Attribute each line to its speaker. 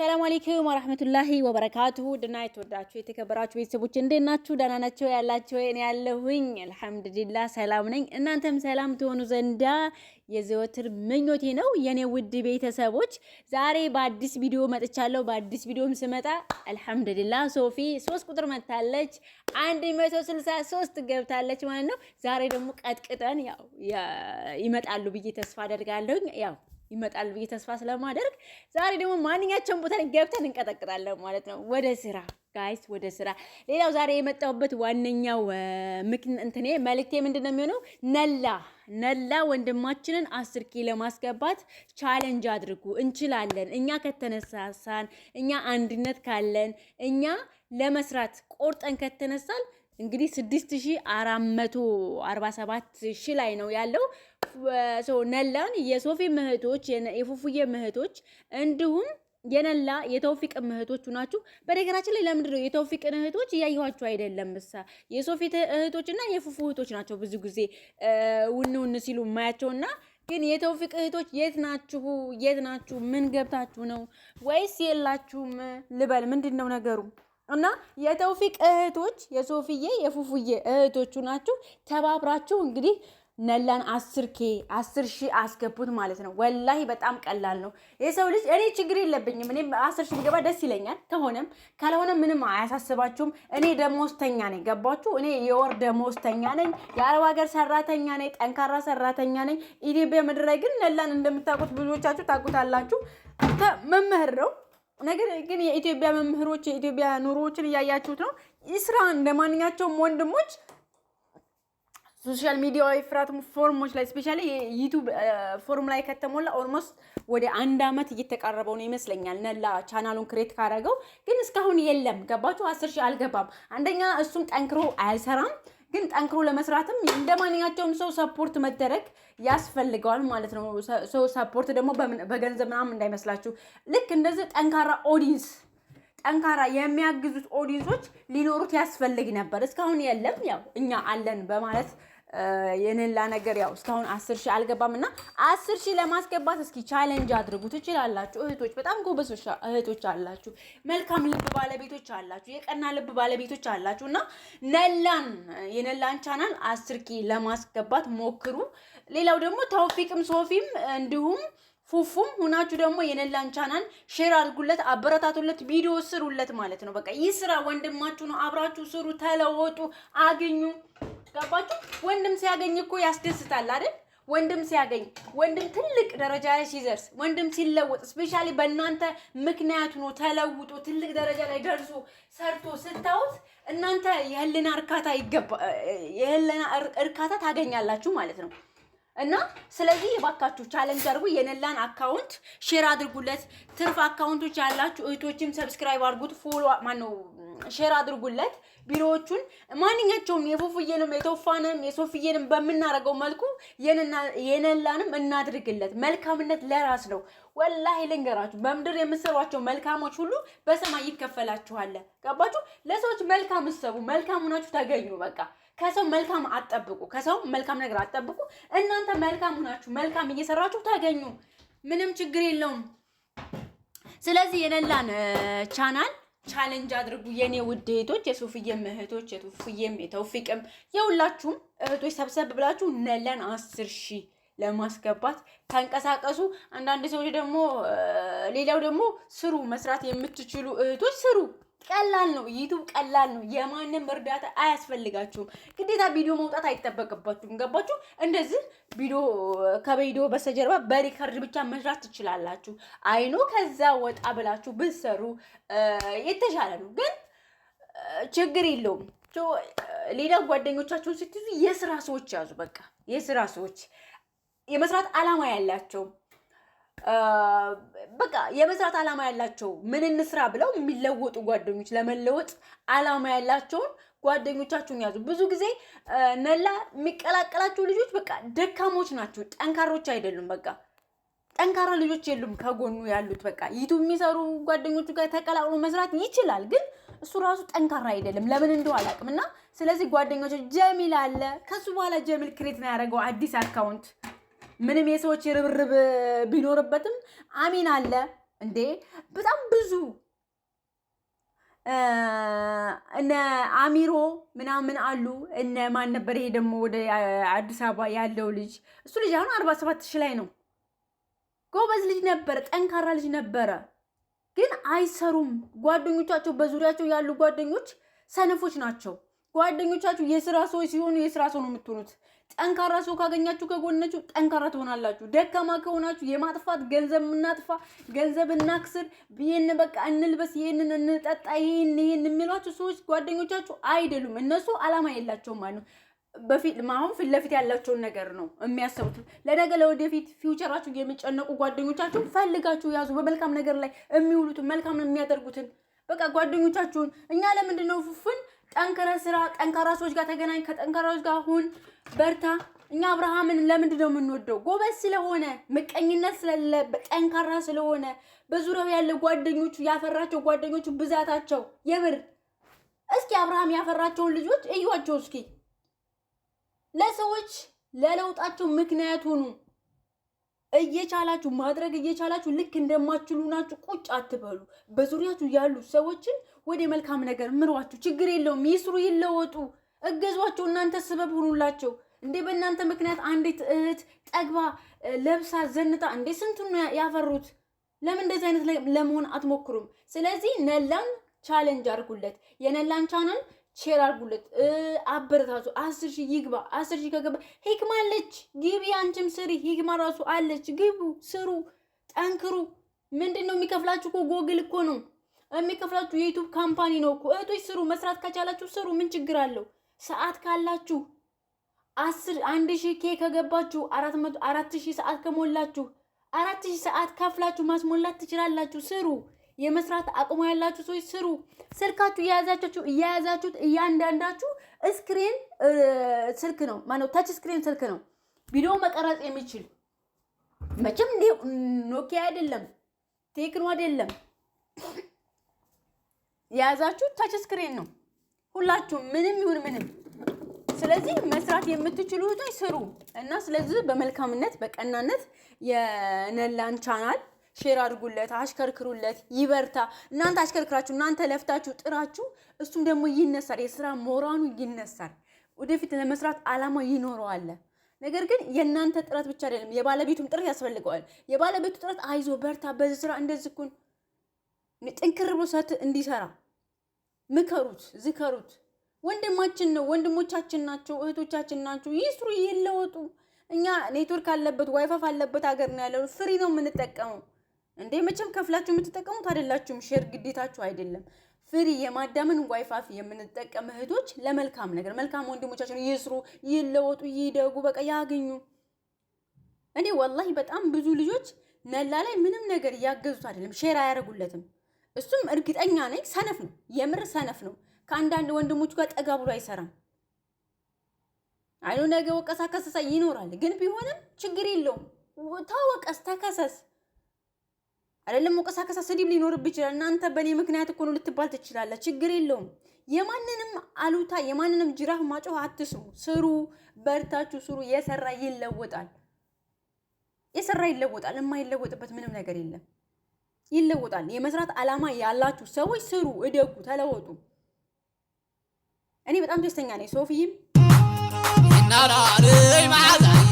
Speaker 1: ሰላም አለይኩም ወራህመቱላሂ ወበረካቱሁ ድና የተወዳችሁ የተከበራችሁ ቤተሰቦች እንዴት ናችሁ? ደህና ናቸው ያላቸው እኔ ያለሁኝ አልሐምዱሊላህ ሰላም ነኝ። እናንተም ሰላም ትሆኑ ዘንዳ የዘወትር ምኞቴ ነው። የእኔ ውድ ቤተሰቦች ዛሬ በአዲስ ቪዲዮ መጥቻለሁ። በአዲስ ቪዲዮም ስመጣ አልሐምዱሊላህ ሶፊ ሶስት ቁጥር መታለች፣ አንድ መቶ ስልሳ ሶስት ገብታለች ማለት ነው። ዛሬ ደግሞ ቀጥቅጠን ያው ይመጣሉ ብዬ ተስፋ አደርጋለሁኝ ያው ይመጣል ብዬ ተስፋ ስለማደርግ ዛሬ ደግሞ ማንኛቸውን ቦታ ገብተን እንቀጠቅጣለን ማለት ነው። ወደ ስራ ጋይስ፣ ወደ ስራ። ሌላው ዛሬ የመጣሁበት ዋነኛው ምክንያት እንትኔ መልእክቴ ምንድን ነው የሚሆነው ነላ ነላ ወንድማችንን አስር ኪ ለማስገባት ቻሌንጅ አድርጉ። እንችላለን እኛ ከተነሳሳን፣ እኛ አንድነት ካለን፣ እኛ ለመስራት ቆርጠን ከተነሳል እንግዲህ 6447 ሺህ ላይ ነው ያለው። ነላን የሶፊ ምህቶች የፉፉዬ ምህቶች እንዲሁም የነላ የተውፊቅ እህቶቹ ናችሁ። በነገራችን ላይ ለምንድን ነው የተውፊቅን እህቶች እያየኋችሁ አይደለም? እሳ የሶፊ እህቶች እና የፉፉ እህቶች ናቸው ብዙ ጊዜ ውን ውን ሲሉ ማያቸውና ግን የተውፊቅ እህቶች የት ናችሁ? የት ናችሁ? ምን ገብታችሁ ነው ወይስ የላችሁም ልበል? ምንድን ነው ነገሩ? እና የተውፊቅ እህቶች የሶፊዬ የፉፉዬ እህቶቹ ናችሁ። ተባብራችሁ እንግዲህ ነላን አስር ኬ አስር ሺ አስገቡት ማለት ነው። ወላሂ በጣም ቀላል ነው። የሰው ልጅ እኔ ችግር የለብኝም። እኔ አስር ሺ ብገባ ደስ ይለኛል። ከሆነም ካልሆነ ምንም አያሳስባችሁም። እኔ ደሞዝተኛ ነኝ። ገባችሁ? እኔ የወር ደሞዝተኛ ነኝ። የአረብ ሀገር ሰራተኛ ነኝ። ጠንካራ ሰራተኛ ነኝ። ኢትዮጵያ ምድር ላይ ግን ነላን እንደምታውቁት ብዙዎቻችሁ ታውቁታላችሁ። መምህር ነው። ነገር ግን የኢትዮጵያ መምህሮች የኢትዮጵያ ኑሮዎችን እያያችሁት ነው። ስራ እንደማንኛቸውም ወንድሞች ሶሻል ሚዲያ ፍራት ፎርሞች ላይ ስፔሻሊ ዩቱብ ፎርም ላይ ከተሞላ ኦልሞስት ወደ አንድ አመት እየተቃረበው ነው ይመስለኛል። ነላ ቻናሉን ክሬት ካረገው ግን እስካሁን የለም። ገባችሁ? አስር ሺህ አልገባም። አንደኛ እሱም ጠንክሮ አይሰራም። ግን ጠንክሮ ለመስራትም እንደ ማንኛቸውም ሰው ሰፖርት መደረግ ያስፈልገዋል ማለት ነው። ሰው ሰፖርት ደግሞ በገንዘብ ምናምን እንዳይመስላችሁ። ልክ እንደዚህ ጠንካራ ኦዲንስ ጠንካራ የሚያግዙት ኦዲንሶች ሊኖሩት ያስፈልግ ነበር። እስካሁን የለም። ያው እኛ አለን በማለት የንላ ነገር ያው እስካሁን አስር ሺህ አልገባም እና አስር ሺህ ለማስገባት እስኪ ቻለንጅ አድርጉ። ትችላላችሁ እህቶች፣ በጣም ጎበዝ እህቶች አላችሁ፣ መልካም ልብ ባለቤቶች አላችሁ፣ የቀና ልብ ባለቤቶች አላችሁ እና ነላን የነላን ቻናል አስር ኪ ለማስገባት ሞክሩ። ሌላው ደግሞ ተውፊቅም ሶፊም እንዲሁም ፉፉም ሁናችሁ ደግሞ የነላን ቻናል ሼር አድርጉለት፣ አበረታቱለት፣ ቪዲዮ ስሩለት ማለት ነው። በቃ ይህ ስራ ወንድማችሁ ነው። አብራችሁ ስሩ፣ ተለወጡ፣ አግኙ። ገባችሁ? ወንድም ሲያገኝ እኮ ያስደስታል አይደል? ወንድም ሲያገኝ ወንድም ትልቅ ደረጃ ላይ ሲደርስ ወንድም ሲለወጥ ስፔሻሊ በእናንተ ምክንያት ነው ተለውጦ ትልቅ ደረጃ ላይ ደርሶ ሰርቶ ስታዩት እናንተ የህልና እርካታ ይገባ የህልና እርካታ ታገኛላችሁ ማለት ነው። እና ስለዚህ የባካችሁ ቻለንጅ አድርጉ። የነላን አካውንት ሼር አድርጉለት። ትርፍ አካውንቶች ያላችሁ እህቶችም ሰብስክራይብ አድርጉት። ፎሎ ማነው ሼር አድርጉለት ቢሮዎቹን። ማንኛቸውም የፉፉዬንም የቶፋንም የሶፍዬንም በምናደርገው መልኩ የነላንም እናድርግለት። መልካምነት ለራስ ነው። ወላሂ ልንገራችሁ፣ በምድር የምሰሯቸው መልካሞች ሁሉ በሰማይ ይከፈላችኋል። ገባችሁ? ለሰዎች መልካም እሰቡ፣ መልካም ሆናችሁ ተገኙ። በቃ ከሰው መልካም አጠብቁ ከሰው መልካም ነገር አጠብቁ እናንተ መልካም ሆናችሁ መልካም እየሰራችሁ ተገኙ። ምንም ችግር የለውም። ስለዚህ የነላን ቻናል ቻሌንጅ አድርጉ የኔ ውድ እህቶች፣ የሱፍዬም እህቶች፣ የቱፍዬም የተውፊቅም የሁላችሁም እህቶች ሰብሰብ ብላችሁ ነለን አስር ሺህ ለማስገባት ተንቀሳቀሱ። አንዳንድ ሰዎች ደግሞ ሌላው ደግሞ ስሩ መስራት የምትችሉ እህቶች ስሩ። ቀላል ነው። ዩቱብ ቀላል ነው። የማንም እርዳታ አያስፈልጋችሁም። ግዴታ ቪዲዮ መውጣት አይጠበቅባችሁም። ገባችሁ? እንደዚህ ቪዲዮ ከቪዲዮ በስተጀርባ በሪከርድ ብቻ መስራት ትችላላችሁ። አይኖ ከዛ ወጣ ብላችሁ ብትሰሩ የተሻለ ነው፣ ግን ችግር የለውም። ሌላ ጓደኞቻችሁን ስትይዙ የስራ ሰዎች ያዙ። በቃ የስራ ሰዎች የመስራት አላማ ያላቸው በቃ የመስራት ዓላማ ያላቸው ምን እንስራ ብለው የሚለወጡ ጓደኞች ለመለወጥ ዓላማ ያላቸውን ጓደኞቻችሁን ያዙ። ብዙ ጊዜ ነላ የሚቀላቀላቸው ልጆች በቃ ደካሞች ናቸው፣ ጠንካሮች አይደሉም። በቃ ጠንካራ ልጆች የሉም ከጎኑ ያሉት። በቃ ይቱ የሚሰሩ ጓደኞቹ ጋር ተቀላቅሎ መስራት ይችላል፣ ግን እሱ ራሱ ጠንካራ አይደለም። ለምን እንደው አላውቅም። እና ስለዚህ ጓደኞች ጀሚል አለ ከሱ በኋላ ጀሚል ክሬት ነው ያደረገው አዲስ አካውንት ምንም የሰዎች ርብርብ ቢኖርበትም አሚን አለ እንዴ በጣም ብዙ እነ አሚሮ ምናምን አሉ። እነ ማን ነበር ይሄ ደግሞ ወደ አዲስ አበባ ያለው ልጅ እሱ ልጅ አሁን አርባ ሰባት ሺህ ላይ ነው። ጎበዝ ልጅ ነበረ፣ ጠንካራ ልጅ ነበረ። ግን አይሰሩም። ጓደኞቻቸው በዙሪያቸው ያሉ ጓደኞች ሰነፎች ናቸው። ጓደኞቻችሁ የስራ ሰዎች ሲሆኑ የስራ ሰው ነው የምትሆኑት። ጠንካራ ሰው ካገኛችሁ ከጎናችሁ ጠንካራ ትሆናላችሁ። ደካማ ከሆናችሁ የማጥፋት ገንዘብ እናጥፋ፣ ገንዘብ እናክስር፣ ይህን በቃ እንልበስ፣ ይህንን እንጠጣ፣ ይህን ይህን የሚሏችሁ ሰዎች ጓደኞቻችሁ አይደሉም። እነሱ አላማ የላቸውም ማለት ነው። በፊት አሁን ፊት ለፊት ያላቸውን ነገር ነው የሚያሰቡት። ለነገ ለወደፊት ፊውቸራችሁ የሚጨነቁ ጓደኞቻችሁን ፈልጋችሁ ያዙ። በመልካም ነገር ላይ የሚውሉትን መልካም የሚያደርጉትን በቃ ጓደኞቻችሁን እኛ ለምንድን ነው ፉፍን ጠንክረ ስራ፣ ጠንካራ ሰዎች ጋር ተገናኝ፣ ከጠንካራዎች ጋር ሁን፣ በርታ። እኛ አብርሃምን ለምንድን ነው የምንወደው? ጎበዝ ስለሆነ፣ ምቀኝነት ስለለ ጠንካራ ስለሆነ፣ በዙሪያው ያለ ጓደኞቹ ያፈራቸው ጓደኞቹ ብዛታቸው የብር እስኪ አብርሃም ያፈራቸውን ልጆች እዩዋቸው። እስኪ ለሰዎች ለለውጣቸው ምክንያት ሆኑ እየቻላችሁ ማድረግ እየቻላችሁ ልክ እንደማትችሉ ናችሁ ቁጭ አትበሉ። በዙሪያችሁ ያሉ ሰዎችን ወደ መልካም ነገር ምሯችሁ። ችግር የለውም ይስሩ፣ ይለወጡ፣ እገዟቸው። እናንተ ስበብ ሁኑላቸው። እንዴ በእናንተ ምክንያት አንዲት እህት ጠግባ ለብሳ ዘንጣ እንዴ ስንቱን ያፈሩት። ለምን እንደዚህ አይነት ለመሆን አትሞክሩም? ስለዚህ ነላን ቻለንጅ አድርጉለት የነላን ቻናል ሼር አድርጉለት፣ አበረታቱ። አስር ሺህ ይግባ። አስር ሺህ ከገባ ሂክማ አለች፣ ግቢ አንቺም ስሪ። ሂክማ ራሱ አለች፣ ግቡ፣ ስሩ፣ ጠንክሩ። ምንድን ነው የሚከፍላችሁ? እኮ ጎግል እኮ ነው የሚከፍላችሁ፣ የዩቱብ ካምፓኒ ነው እኮ። እህቶች ስሩ፣ መስራት ከቻላችሁ ስሩ። ምን ችግር አለው? ሰዓት ካላችሁ አስር አንድ ሺህ ኬ ከገባችሁ አራት መቶ አራት ሺህ ሰዓት ከሞላችሁ አራት ሺህ ሰዓት ከፍላችሁ ማስሞላት ትችላላችሁ። ስሩ። የመስራት አቅሙ ያላችሁ ሰዎች ስሩ። ስልካችሁ እየያዛችሁ እየያዛችሁት እያንዳንዳችሁ ስክሪን ስልክ ነው ማነው ታች ስክሪን ስልክ ነው ቪዲዮ መቀረጽ የሚችል መቼም ኖኪያ አይደለም ቴክኖ አይደለም የያዛችሁ ታች ስክሪን ነው ሁላችሁም፣ ምንም ይሁን ምንም። ስለዚህ መስራት የምትችሉ ስሩ እና ስለዚህ በመልካምነት በቀናነት የነላን ቻናል ሼር አድርጉለት፣ አሽከርክሩለት፣ ይበርታ። እናንተ አሽከርክራችሁ እናንተ ለፍታችሁ ጥራችሁ፣ እሱም ደግሞ ይነሳል፣ የስራ ሞራኑ ይነሳል፣ ወደፊት ለመስራት አላማ ይኖረዋል። ነገር ግን የእናንተ ጥረት ብቻ አይደለም፣ የባለቤቱም ጥረት ያስፈልገዋል። የባለቤቱ ጥረት አይዞ በርታ፣ በዚህ ስራ እንደዚህ ኩን ጥንክር ብሎ ሰት እንዲሰራ ምከሩት፣ ዝከሩት። ወንድማችን ነው፣ ወንድሞቻችን ናቸው፣ እህቶቻችን ናቸው። ይስሩ፣ ይለወጡ። እኛ ኔትወርክ አለበት ዋይፋፍ አለበት ሀገር ነው ያለው። ፍሪ ነው የምንጠቀመው። እንዴ መቼም ከፍላችሁ የምትጠቀሙት አይደላችሁም። ሼር ግዴታችሁ አይደለም። ፍሪ የማዳመን ዋይፋፊ የምንጠቀም እህቶች ለመልካም ነገር መልካም ወንድሞቻችን ይስሩ፣ ይለወጡ፣ ይደጉ፣ በቃ ያገኙ። እኔ ወላሂ በጣም ብዙ ልጆች ነላ ላይ ምንም ነገር ያገዙት አይደለም፣ ሼር አያደርጉለትም። እሱም እርግጠኛ ነኝ ሰነፍ ነው፣ የምር ሰነፍ ነው። ከአንዳንድ ወንድሞቹ ጋር ጠጋ ብሎ አይሰራም። አይኑ ነገ ወቀሳ ከሰሳ ይኖራል፣ ግን ቢሆንም ችግር የለውም። ታወቀስ፣ ተከሰስ አይደለም ወቀሳቀሳ፣ ስድብ ሊኖርብ ይችላል። እናንተ በእኔ ምክንያት እኮ ነው ልትባል ትችላለች። ችግር የለውም። የማንንም አሉታ፣ የማንንም ጅራፍ ማጮህ አትስሙ። ስሩ፣ በርታችሁ ስሩ። የሰራ ይለወጣል። የሰራ ይለወጣል። የማይለወጥበት ምንም ነገር የለም። ይለወጣል። የመስራት አላማ ያላችሁ ሰዎች ስሩ፣ እደጉ፣ ተለወጡ። እኔ በጣም ደስተኛ ነኝ። ሶፊም ናራሬ